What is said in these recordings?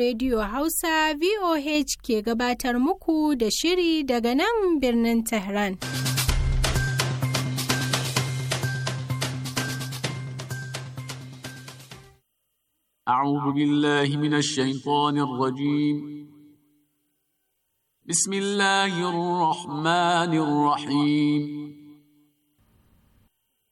Radiyo Hausa VOH ke gabatar muku da shiri daga nan birnin tehran A'a bugi Lahi mina shi a yi kowanne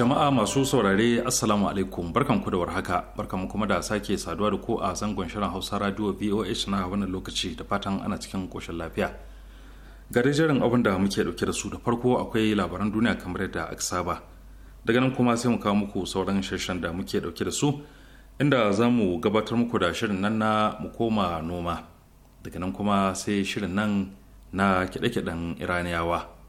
jama'a masu saurare assalamu alaikum barkan ku da warhaka barkan kuma da sake saduwa da ku a zangon shirin hausa radio voh na wannan lokaci da fatan ana cikin koshin lafiya gare jerin abin da muke dauke da su da farko akwai labaran duniya kamar yadda aka saba daga nan kuma sai mu kawo muku sauran shirin da muke dauke da su inda za mu gabatar muku da shirin nan na mu koma noma daga nan kuma sai shirin nan na kiɗe-kiɗen iraniyawa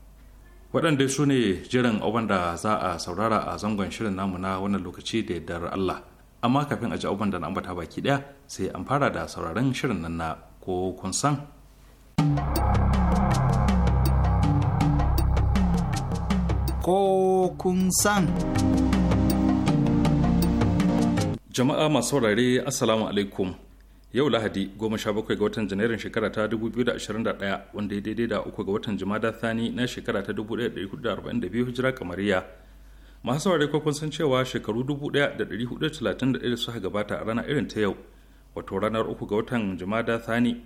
waɗanda su ne jiran abin da za a saurara a zangon shirin namu na wannan lokaci da yardar Allah amma kafin a ji abin da na ambata baki ɗaya sai an fara da sauraron shirin nan na ko kun san ko kun san jama'a masu saurare assalamu alaikum yau lahadi 17 ga watan janairun shekara ta 2021 wanda ya daidai da uku ga watan jumada thani na shekara ta 1442 hijira kamariya masu saurari kun san cewa shekaru 1431 da suka gabata a rana irin ta yau wato ranar uku ga watan da thani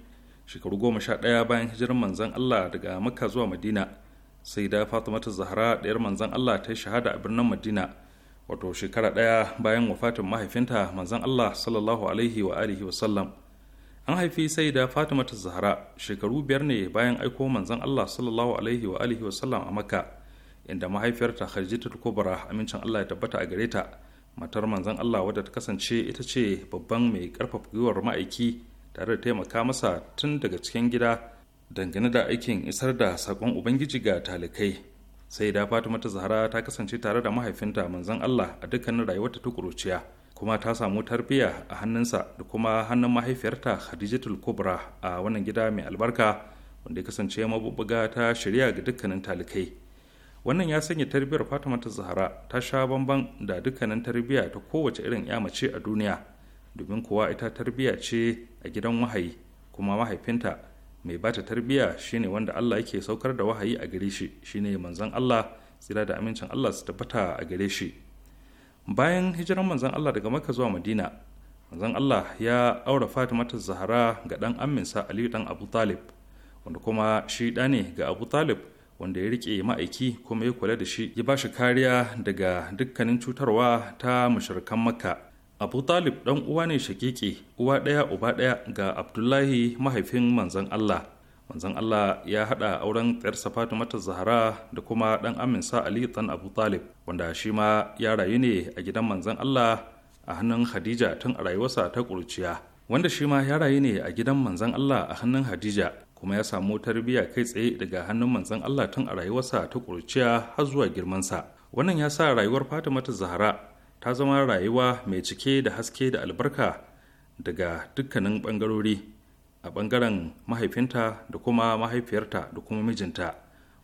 shekaru 11 bayan hijirar manzon allah daga makka zuwa madina sai da fatimatu zahra ɗayar manzon allah ta shahada a birnin madina wato shekara ɗaya bayan wafatin mahaifinta manzon Allah sallallahu alaihi wa alihi wasallam an haifi sai da Fatima ta Zahra shekaru biyar ne bayan aiko manzon Allah sallallahu alaihi wa alihi wasallam a Makka inda mahaifiyarta harji ta Kubra amincin Allah ya tabbata a gare ta matar manzon Allah wadda ta kasance ita ce babban mai karfafa gwiwar ma'aiki tare da taimaka masa tun daga cikin gida dangane da aikin isar da sakon Ubangiji ga talikai sai da fatima ta zahara ta kasance tare da mahaifinta manzon allah a dukkanin rayuwarta ta kuruciya kuma ta samu tarbiyya a hannunsa da kuma hannun mahaifiyarta khadijatul kubra a wannan gida mai albarka wanda ya kasance mabubbuga ta shirya ga dukkanin talikai wannan ya sanya tarbiyyar fatima ta zahara ta sha bamban da dukkanin tarbiyya ta kowace irin ya mace a duniya domin kuwa ita tarbiyya ce a gidan wahayi kuma mahaifinta mai bata tarbiyya shine wanda Allah yake saukar da wahayi a gare shi shine manzon Allah tsira da amincin Allah su tabbata a gare shi bayan hijiran manzon Allah daga Makka zuwa Madina manzon Allah ya aura Fatima ta Zahra ga dan amminsa Aliyu dan Abu Talib wanda kuma shi da ne ga Abu Talib wanda ya rike ma'aiki kuma ya kula da shi ya bashi kariya daga dukkanin cutarwa ta mushrikan Makka abu talib ɗan uwa ne shakiki uwa ɗaya uba ɗaya ga abdullahi mahaifin Manzan allah Manzan allah ya haɗa auren tsayarsa mata zahara da kuma ɗan aminsa ali ɗan abu talib wanda shi ma ya rayu ne a gidan Manzan allah a hannun hadija tun a rayuwarsa ta ƙuruciya wanda shi ma ya rayu ne a gidan Manzan allah a hannun hadija kuma ya samu tarbiyya kai tsaye daga hannun Manzan allah tun a rayuwarsa ta ƙuruciya har zuwa girmansa wannan ya sa rayuwar fatimatar zahara ta zama rayuwa mai cike da haske da albarka daga dukkanin bangarori a bangaren mahaifinta da kuma mahaifiyarta da kuma mijinta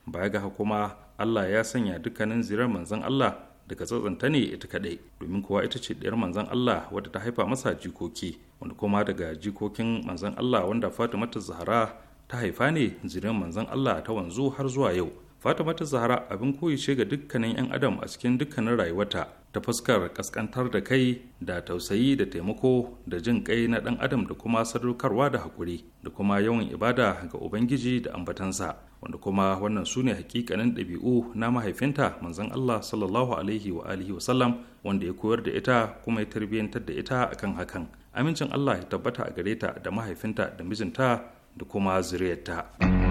baya ga kuma allah ya sanya dukkanin zirar manzon allah daga tsatsanta ne ita kadai domin kuwa ita ce ɗayar manzon allah wadda ta haifa masa jikoki wanda kuma daga jikokin manzon allah wanda fatimata zahara ta haifa ne zirar manzon allah ta wanzu har zuwa yau fatimata zahara abin koyi ce ga dukkanin 'yan adam a cikin dukkanin rayuwarta ta fuskar kaskantar da kai da tausayi da taimako da jin kai na ɗan adam da kuma sadaukarwa da haƙuri da kuma yawan ibada ga ubangiji da ambatansa wanda kuma wannan su ne hakikanin ɗabi'u na mahaifinta manzon Allah sallallahu alaihi wa alihi wasallam wanda ya koyar da ita kuma ya tarbiyyantar da ita akan hakan amincin Allah ya tabbata a gare ta da mahaifinta da mijinta da kuma zuriyarta.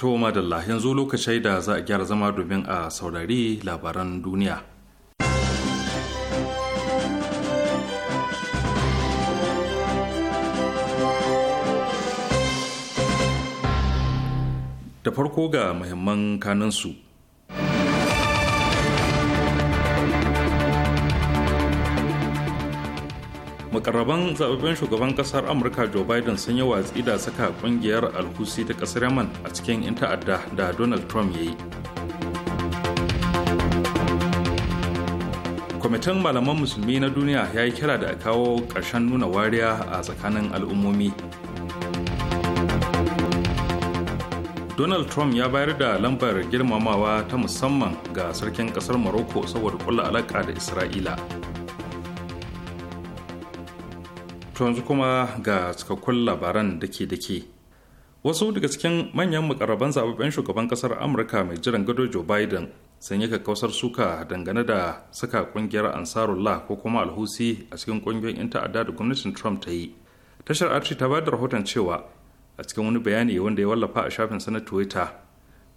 To madalla yanzu lokacin da za a gyara zama domin a saurari labaran duniya. Da farko ga muhimman kanansu. makarraban zababben shugaban kasar amurka joe biden sun yi watsi da saka ƙungiyar alhusi ta ƙasar yaman a cikin 'yan ta'adda da donald trump ya yi kwamitin malaman musulmi na duniya ya yi kira da a kawo ƙarshen nuna wariya a tsakanin al'ummomi donald trump ya bayar da lambar girmamawa ta musamman ga sarkin kasar morocco saboda ƙulla alaƙa da isra'ila To yanzu kuma ga cikakkun labaran da ke da ke. Wasu daga cikin manyan mukarraban zababben shugaban kasar Amurka mai jiran gado Joe Biden sun yi kakkausar suka dangane da saka kungiyar Ansarullah ko kuma alhusi a cikin kungiyoyin 'yan ta'adda da gwamnatin Trump ta yi. Tashar arci ta da rahoton cewa a cikin wani bayani wanda ya wallafa a shafin na Twitter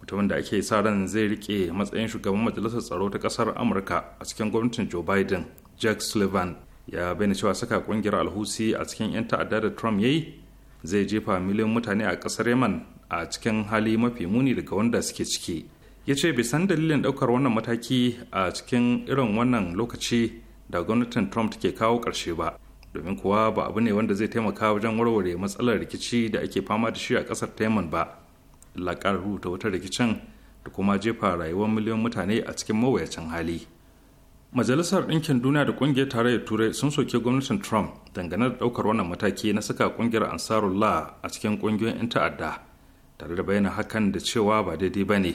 mutumin da ake sa ran zai rike matsayin shugaban majalisar tsaro ta kasar Amurka a cikin gwamnatin Joe Biden, Jack Sullivan ya bayyana cewa saka kungiyar alhusi a cikin 'yan ta'adda da trump ya yi zai jefa miliyan mutane a kasar yaman a cikin hali mafi muni daga wanda suke ciki ya ce bisan dalilin daukar wannan mataki a cikin irin wannan lokaci da gwamnatin trump take kawo karshe ba domin kuwa ba abu ne wanda zai taimaka wajen warware matsalar rikici da ake fama da shi a ƙasar taiman ba laƙar rubuta wata rikicin da kuma jefa rayuwar miliyan mutane a cikin mawuyacin hali majalisar ɗinkin duniya da ƙungiyar tarayyar turai sun soke gwamnatin trump dangane da ɗaukar wannan mataki na saka ƙungiyar ansarullah a cikin ƙungiyoyin 'yan ta'adda tare da bayyana hakan da cewa ba daidai ba ne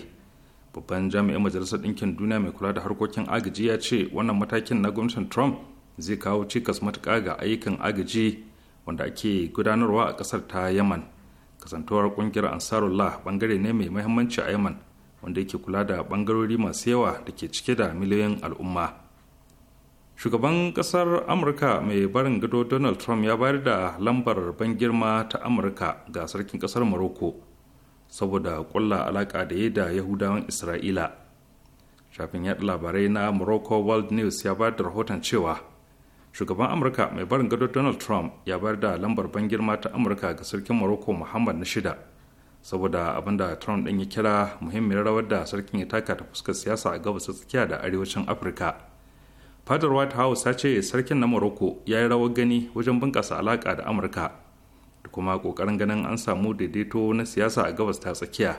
babban jami'in majalisar ɗinkin duniya mai kula da harkokin agaji ya ce wannan matakin na gwamnatin trump zai kawo cikas matuƙa ga ayyukan agaji wanda ake gudanarwa a ƙasar ta yaman kasantuwar ƙungiyar ansarullah bangare ne mai mahimmanci a yaman wanda yake kula da bangarori masu yawa da ke cike da miliyoyin al'umma shugaban kasar amurka mai barin gado donald trump ya bayar da lambar ban girma ta amurka ga sarkin kasar morocco saboda kulla alaka da ya da yahudawan isra'ila shafin yaɗa labarai na morocco world news ya bayar da rahoton cewa shugaban amurka mai barin gado donald trump ya bayar da lambar ban girma ta amurka ga sarkin morocco muhammad na shida saboda abin da trump ɗin ya kira muhimmiyar rawar da sarkin ya taka ta fuskar siyasa a gabas tsakiya da arewacin afirka fadar white house ta ce sarkin na morocco ya yi rawar gani wajen bunƙasa alaƙa da amurka da kuma ƙoƙarin ganin an samu daidaito na siyasa a gabas ta tsakiya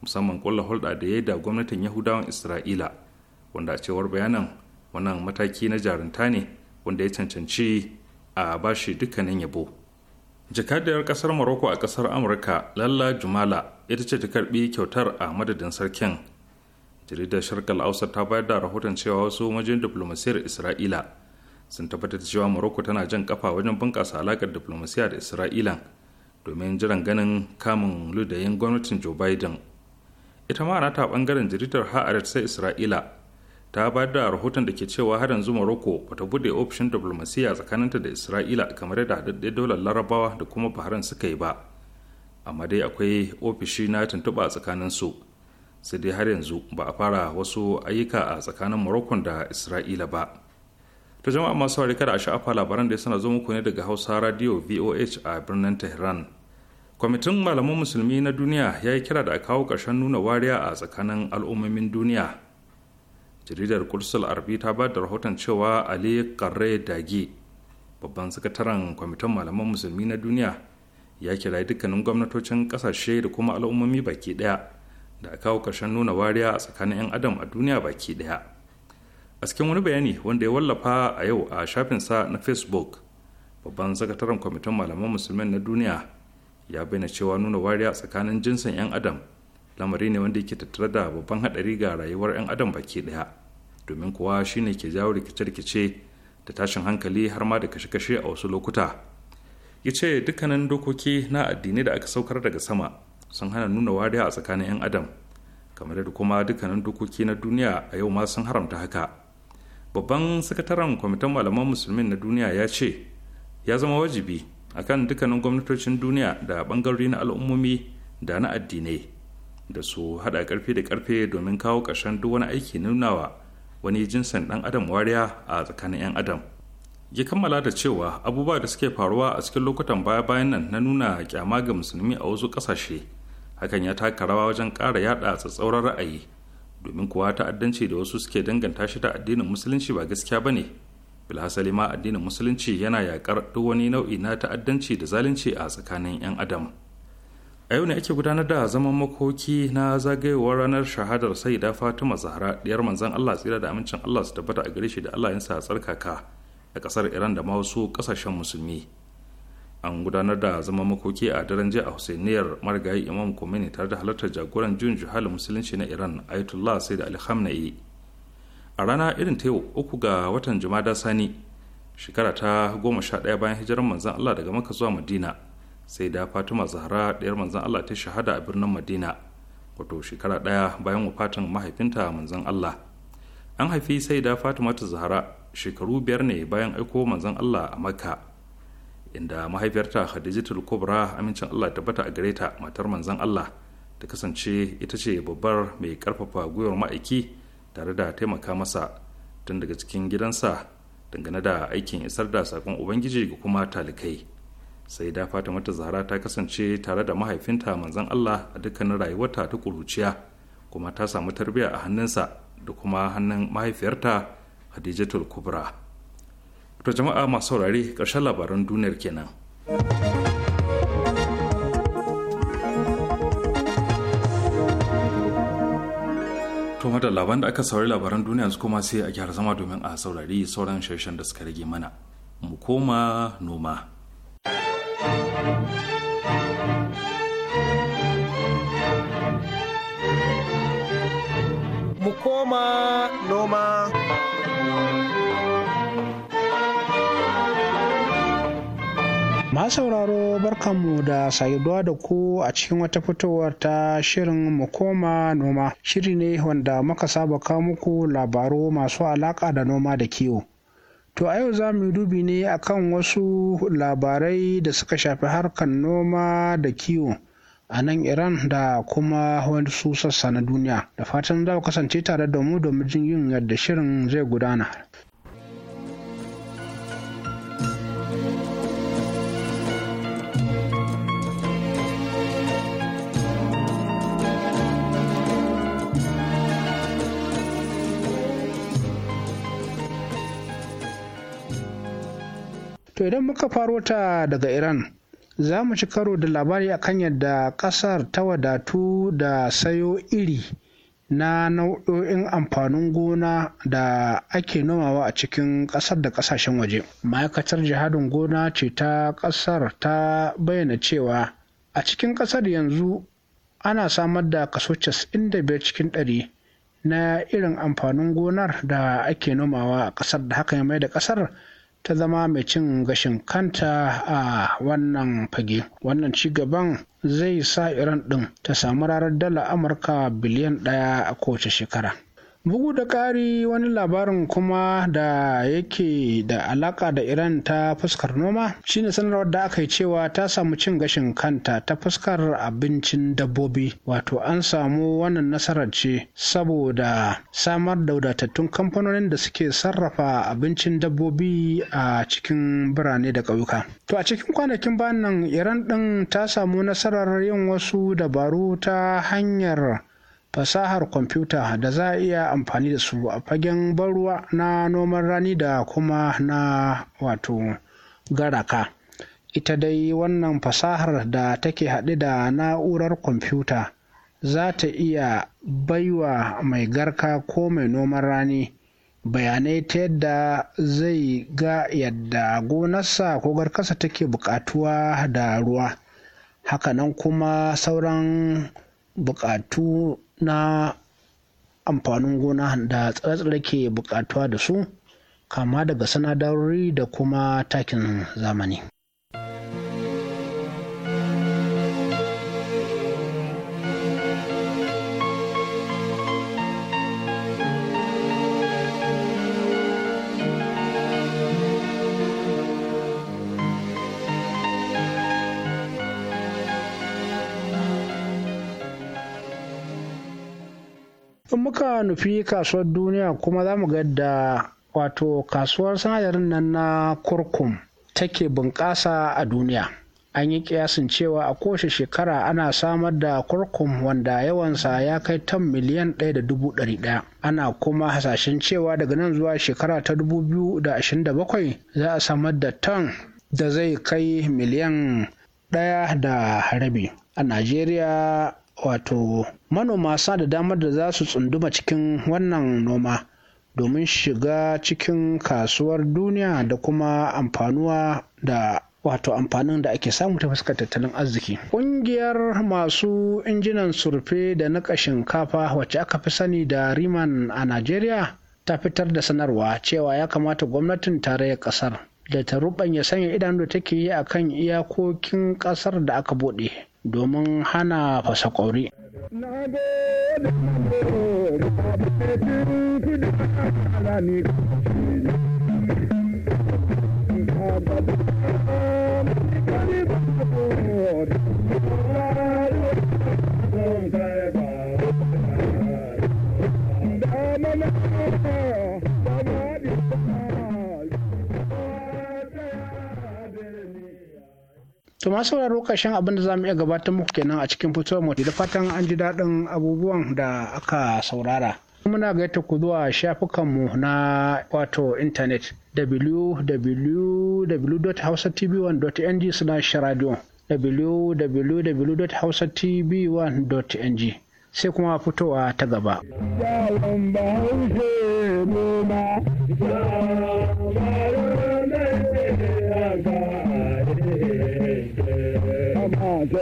musamman ƙulla hulɗa da ya yi da gwamnatin yahudawan isra'ila wanda a cewar bayanan wannan mataki na jarunta ne wanda ya cancanci a bashi dukkanin yabo jakadiyar kasar morocco a kasar amurka lalla jumala ita ce ta karbi kyautar a madadin sarkin jaridar sharkal ausar ta bayar da rahoton cewa wasu majin diplomasiyar isra'ila sun tabbatar da cewa morocco tana jan kafa wajen bunƙasa alaƙar diplomasiya da isra'ila domin jiran ganin kamun ludayin gwamnatin joe biden ita ma na ta bangaren jaridar ha'aret sai isra'ila ta bayar da rahoton da ke cewa har yanzu morocco bata bude ofishin diplomasiya tsakaninta da isra'ila kamar yadda haɗaɗɗe dolar larabawa da kuma bahrain suka yi ba amma dai akwai ofishi na tuntuɓa tsakanin su sai dai har yanzu ba a fara wasu ayyuka a tsakanin morocco da isra'ila ba ta jama'a masu harika da a sha'afa labaran da ya sana zo muku ne daga hausa radio voh a birnin tehran kwamitin malaman musulmi na duniya ya yi kira da a kawo ƙarshen nuna wariya a tsakanin al'ummomin duniya jaridar kursul arbi ta ba da rahoton cewa ali karre dage babban sakataren kwamitin malaman musulmi na duniya ya kira dukkanin gwamnatocin ƙasashe da kuma al'ummomi baki ɗaya. da a kawo ƙarshen nuna wariya a tsakanin 'yan adam a duniya baki ɗaya a cikin wani bayani wanda ya wallafa a yau a shafinsa na facebook babban sakataren kwamitin malaman musulmin na duniya ya bayyana cewa nuna wariya tsakanin jinsin 'yan adam lamari ne wanda yake tattare da babban haɗari ga rayuwar 'yan adam baki ɗaya domin kuwa shine ke jawo rikice-rikice da tashin hankali har ma da kashe-kashe a wasu lokuta ya ce dukkanin dokoki na addinai da aka saukar daga sama sun hana nuna wariya a tsakanin 'yan adam kamar da kuma dukkanin dokoki na duniya a yau ma sun haramta haka babban sakataren kwamitin malaman musulmin na duniya ya ce ya zama wajibi a kan dukkanin gwamnatocin duniya da bangarori na al'ummomi da na addinai da su hada karfe da karfe domin kawo ƙarshen duk wani aiki nunawa wani jinsin dan adam wariya a tsakanin 'yan adam ya kammala da cewa abubuwa da suke faruwa a cikin lokutan baya-bayan nan na nuna kyama ga musulmi a wasu ƙasashe hakan ya taka rawa wajen ƙara yada tsatsauran ra'ayi domin kuwa ta'addanci da wasu suke danganta shi da addinin musulunci ba gaskiya ba ne bilhassali ma addinin musulunci yana yakar duk wani nau'i na ta'addanci da zalunci a tsakanin 'yan adam a yau ne ake gudanar da zaman makoki na zagayowar ranar shahadar saida fatima zahra diyar manzon allah tsira da amincin allah su tabbata a gare shi da allah yansa a tsarkaka a ƙasar iran da ma wasu kasashen musulmi an gudanar da zama makoki a daren jiya a husainiyar marigayi imam khomeini tare da halartar jagoran juyin juhalin musulunci na iran ayatollah sai da alhamna'i a rana irin ta uku ga watan jumada sani shekara ta goma sha ɗaya bayan hijirar manzan allah daga maka zuwa madina sai da fatima zahra ɗayar manzan allah ta shahada a birnin madina wato shekara ɗaya bayan wafatan mahaifinta manzan allah an haifi sai da fatima ta zahara, shekaru biyar ne bayan aiko manzan allah a makka inda mahaifiyarta khadijatul kubra amincin allah tabbata a gare ta matar manzon allah ta kasance ita ce babbar mai karfafa gwiwar ma'aiki tare da taimaka masa tun daga cikin gidansa dangane da aikin isar da sakon ubangiji ga kuma talikai sai da fata mata zahara ta kasance tare da mahaifinta manzon allah a dukkanin rayuwarta ta kuruciya kuma ta samu tarbiyya a hannunsa da kuma hannun mahaifiyarta hadijatul kubra to jama'a masu saurare ƙarshen labaran duniyar kenan. To da labaran da aka saurari labaran duniya su kuma sai a gyara zama domin a saurari sauran shirshen da suka rage mana. Mu koma noma. Mu koma noma. masu sauraro barkanmu da saduwa da ku a cikin wata fitowar ta shirin mu koma noma shiri ne wanda muka saba kawo muku labaru masu alaƙa da noma da kiwo to a yau za mu yi dubi ne akan wasu labarai da suka shafi harkar noma da kiwo a nan Iran da kuma wani sassa na duniya. Da fatan za ku kasance tare da mu domin jin yin yadda shirin zai gudana. idan muka faro ta daga Iran, za mu ci karo da labari a kan yadda ƙasar ta wadatu da sayo iri na nau'o'in amfanin gona da ake nomawa a cikin ƙasar da ƙasashen waje. Ma'aikatar jihadin gona ce ta ƙasar ta bayyana cewa a cikin ƙasar yanzu ana samar da kaso 95 cikin ɗari na irin amfanin gonar da ake nomawa a ƙasar da haka ya mai da ƙasar ta zama mai cin gashin kanta a wannan fage wannan ci gaban zai sa iran ɗin ta samu rarar dala amurka biliyan ɗaya a kowace shekara bugu da ƙari wani labarin kuma da yake da alaƙa da iran ta fuskar noma shine sanarwar da aka yi cewa ta samu cin gashin kanta ta fuskar abincin dabbobi wato an samu wannan nasarar ce saboda samar da wadatattun kamfanonin da suke sarrafa abincin dabbobi a cikin birane da ƙauyuka to a cikin kwanakin bayan nan iran ɗin ta samu nasarar yin wasu dabaru ta hanyar fasahar kwamfuta da za a iya amfani da su a fagen ruwa na noman rani da kuma na wato garaka ita dai wannan fasahar da take haɗe da na'urar kwamfuta za ta iya baiwa mai garka ko mai noman rani bayanai ta yadda zai ga yadda gonarsa ko garkarsa take buƙatuwa da ruwa hakanan kuma sauran buƙatu na amfanin gona da tsare-tsare ke buƙatuwa da su kama daga sanadarori da kuma takin zamani nufi kasuwar duniya kuma za mu ga da wato kasuwar sinadarin nan na kurkum take bunƙasa a duniya an yi kiyasin cewa a kowace shekara ana samar da kurkum wanda yawansa ya kai tan miliyan ɗaya da ana kuma hasashen cewa daga nan zuwa shekara ta dubu biyu da ashirin da bakwai za a samar da tan da zai kai miliyan ɗaya da rabi a najeriya wato manoma sa da damar da za su tsunduma cikin wannan noma domin shiga cikin kasuwar duniya da kuma amfanuwa da wato amfanin da ake samu ta fuskar tattalin arziki. Ƙungiyar masu injinan surfe da niƙa shinkafa wacce aka fi sani da Riman a Najeriya ta fitar da sanarwa cewa ya kamata gwamnatin tarayyar ƙasar da ta ruɓanya sanya idanu da take yi a kan iyakokin ƙasar da aka buɗe domin hana fasakori. Thank you. To masu sauraro abinda abin da za mu iya gabatar muku kenan a cikin fitowar mu da fatan an ji daɗin abubuwan da aka saurara. Muna gaita ku zuwa shafukanmu na wato intanet www.hausatv1.ng slash radio www.hausatv1.ng sai kuma fitowa ta gaba.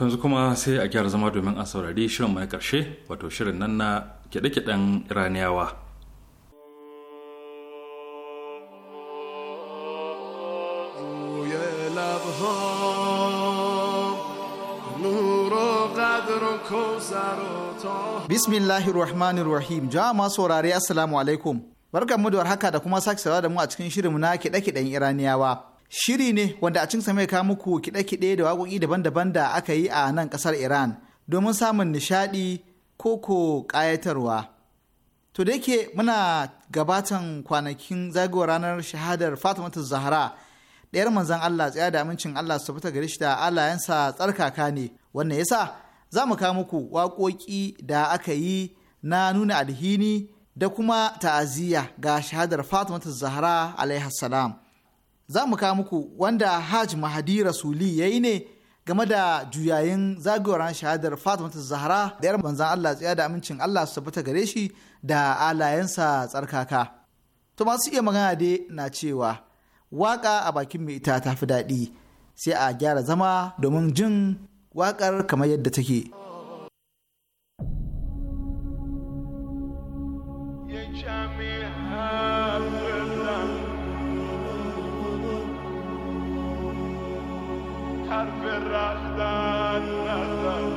yanzu kuma sai a gyara zama domin a saurari shirin mai karshe wato shirin nan na kiɗe-kiɗen iraniyawa Bismillahir Rahmanir Rahim. Jama'a saurare Assalamu alaikum. Barkanmu da warhaka da kuma sake saurara da mu a cikin shirin na kiɗe-kiɗen Iraniyawa. Shiri ne wanda a cikin sa mai kawo muku kiɗe-kiɗe da waƙoƙi daban-daban da aka yi a nan ƙasar Iran domin samun nishaɗi ko ko ƙayatarwa. To da yake muna gabatan kwanakin zagayowar ranar shahadar Fatimatu Zahra ɗayar manzan Allah tsaya da amincin Allah su fita gare shi da alayensa tsarkaka ne wannan yasa za mu kawo muku waƙoƙi da aka yi na nuna alhini da kuma ta'aziyya ga shahadar Fatimatu Zahra alaihi salam. za mu kawo muku wanda hajj mahadi rasuli ya yi ne game da juyayin zagayowar shahadar Fatima ta zahra da yar manzan allah tsaya da amincin allah su tabbata gare shi da alayensa tsarkaka to masu iya magana dai na cewa waka a bakin mai ita ta fi daɗi sai a gyara zama domin jin wakar kamar yadda take. Jam حرف رفتن نزن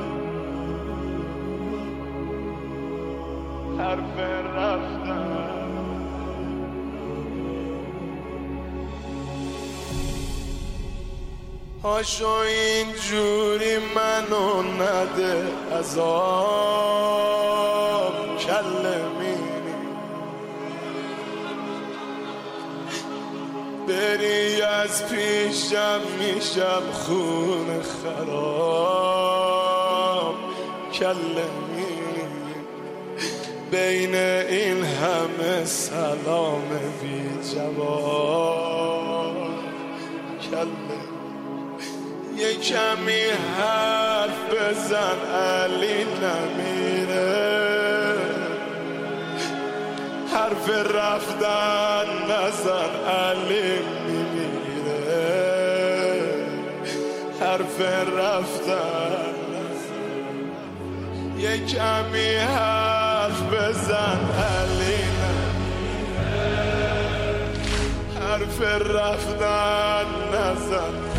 حرف رفتن هاشو اینجوری منو نده عذاب کلمه از پیشم میشم خون خراب کلمی بین این همه سلام بی جواب کلمی یه کمی حرف بزن علی نمیره حرف رفتن نزن علی حرف رفتن یه کمی حرف بزن علی حرف رفتن نزن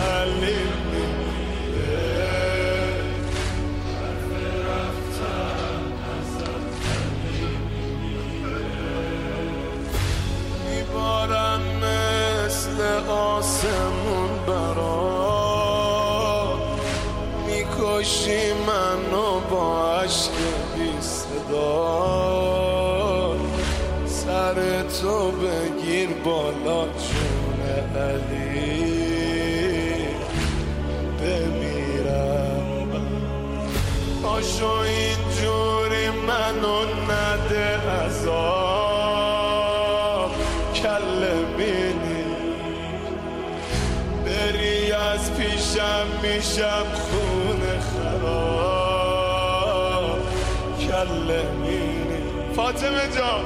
میکشی منو با عشق بی صدا سر تو بگیر بالا جون علی بمیرم آشو اینجوری منو نده عذاب کله بینی بری از پیشم میشم کله فاطمه جان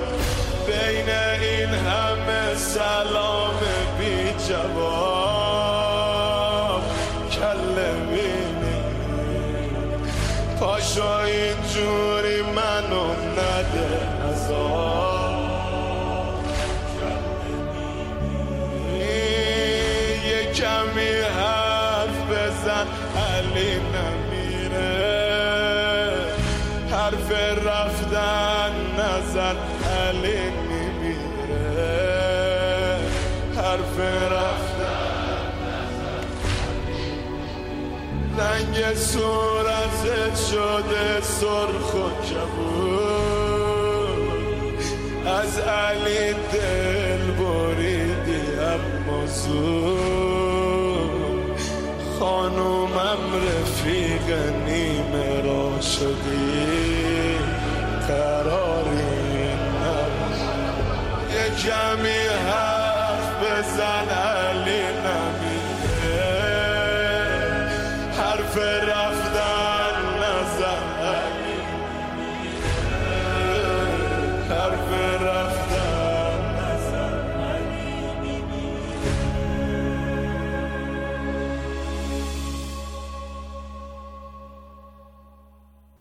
بین این همه سلام بی جواب کله میری پاشو اینجور رنگ صورتت شده سرخ و کبود از علی دل بریدی اما زود خانومم رفیق نیمه را شدی قراری نبود یه کمی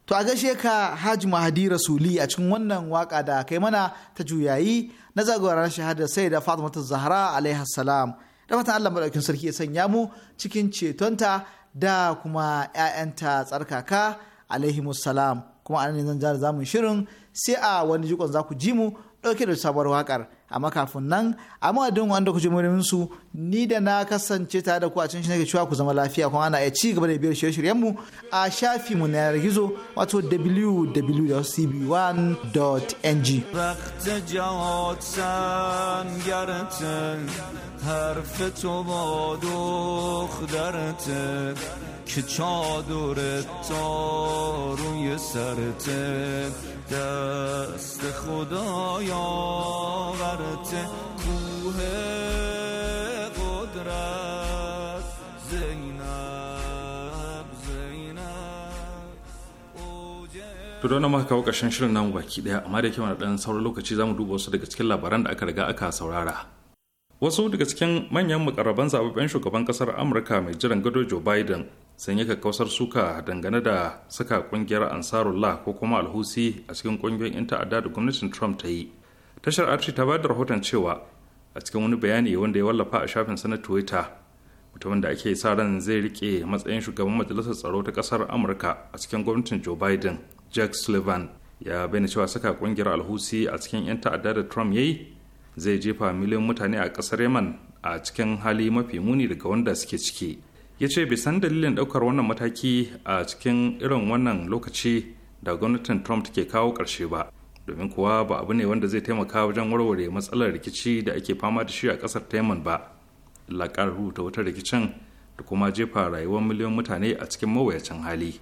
To a gaishe ka Haji Mahdi Rasuli a cikin wannan waka da kai mana ta juyayi na zagorar shahada sai da Fatima ta Zahra alaiha salam. Da fatan Allah madaukin sarki ya sanya mu cikin cetonta da kuma ‘ya'yanta tsarkaka alaihi salam. Kuma anan zan jara zamun shirin sai a wani jikon za ku ji mu ɗauke da sabuwar wakar amma kafin nan a madadin wanda ku ji su ni da na kasance tare da ku a cikin shi nake cewa ku zama lafiya kuma ana iya ci gaba da biyar shirye-shiryen mu a shafi mu na yanar gizo wato www.cb1.ng که چادر تا روی سرت دست خدا یاورت کوه قدرت زینب زینب to don maka kawo ƙarshen shirin namu baki daya amma da yake mana dan sauran lokaci zamu duba wasu daga cikin labaran da aka riga aka saurara wasu daga cikin manyan mukarraban zababben shugaban kasar amurka mai jiran gado joe biden sun yi kakkausar suka dangane da saka kungiyar ansarullah ko kuma alhusi a cikin kungiyoyin 'yan ta'adda da gwamnatin trump ta yi tashar arti ta bada rahoton cewa a cikin wani bayani wanda ya wallafa a shafin sa na twitter mutumin da ake sa ran zai rike matsayin shugaban majalisar tsaro ta kasar amurka a cikin gwamnatin joe biden jack sullivan ya bayyana cewa saka kungiyar alhusi a cikin 'yan ta'adda da trump ya yi zai jefa miliyan mutane a ƙasar yaman a cikin hali mafi muni daga wanda suke ciki ya ce bisan dalilin ɗaukar wannan mataki a cikin irin wannan lokaci da gwamnatin trump ke kawo ƙarshe ba domin kuwa ba abu ne wanda zai taimaka wajen warware matsalar rikici da ake fama da shi a ƙasar taiman ba laƙar rubuta wata rikicin da kuma jefa rayuwar miliyan mutane a cikin mawuyacin hali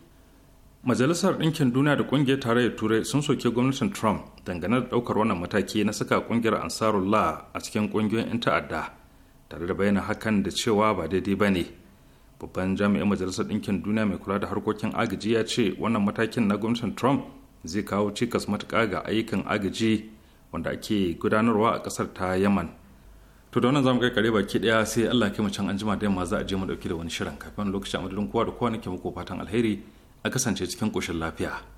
majalisar ɗinkin duniya da ƙungiyar tarayyar turai sun soke gwamnatin trump dangane da ɗaukar wannan mataki na saka ƙungiyar ansarullah a cikin ƙungiyoyin 'yan ta'adda tare da bayyana hakan da cewa ba daidai ba ne babban jami'in majalisar ɗinkin duniya mai kula da harkokin agaji ya ce wannan matakin na gwamnatin trump zai kawo cikas matuƙa ga ayyukan agaji wanda ake gudanarwa a ƙasar ta yaman to da wannan zamu kai kare baki daya sai Allah ya kai mu can anjima da yamma za a je mu dauki da wani shirin kafin lokacin amadadin kowa da kowa nake muku fatan alheri a kasance cikin ƙoshin lafiya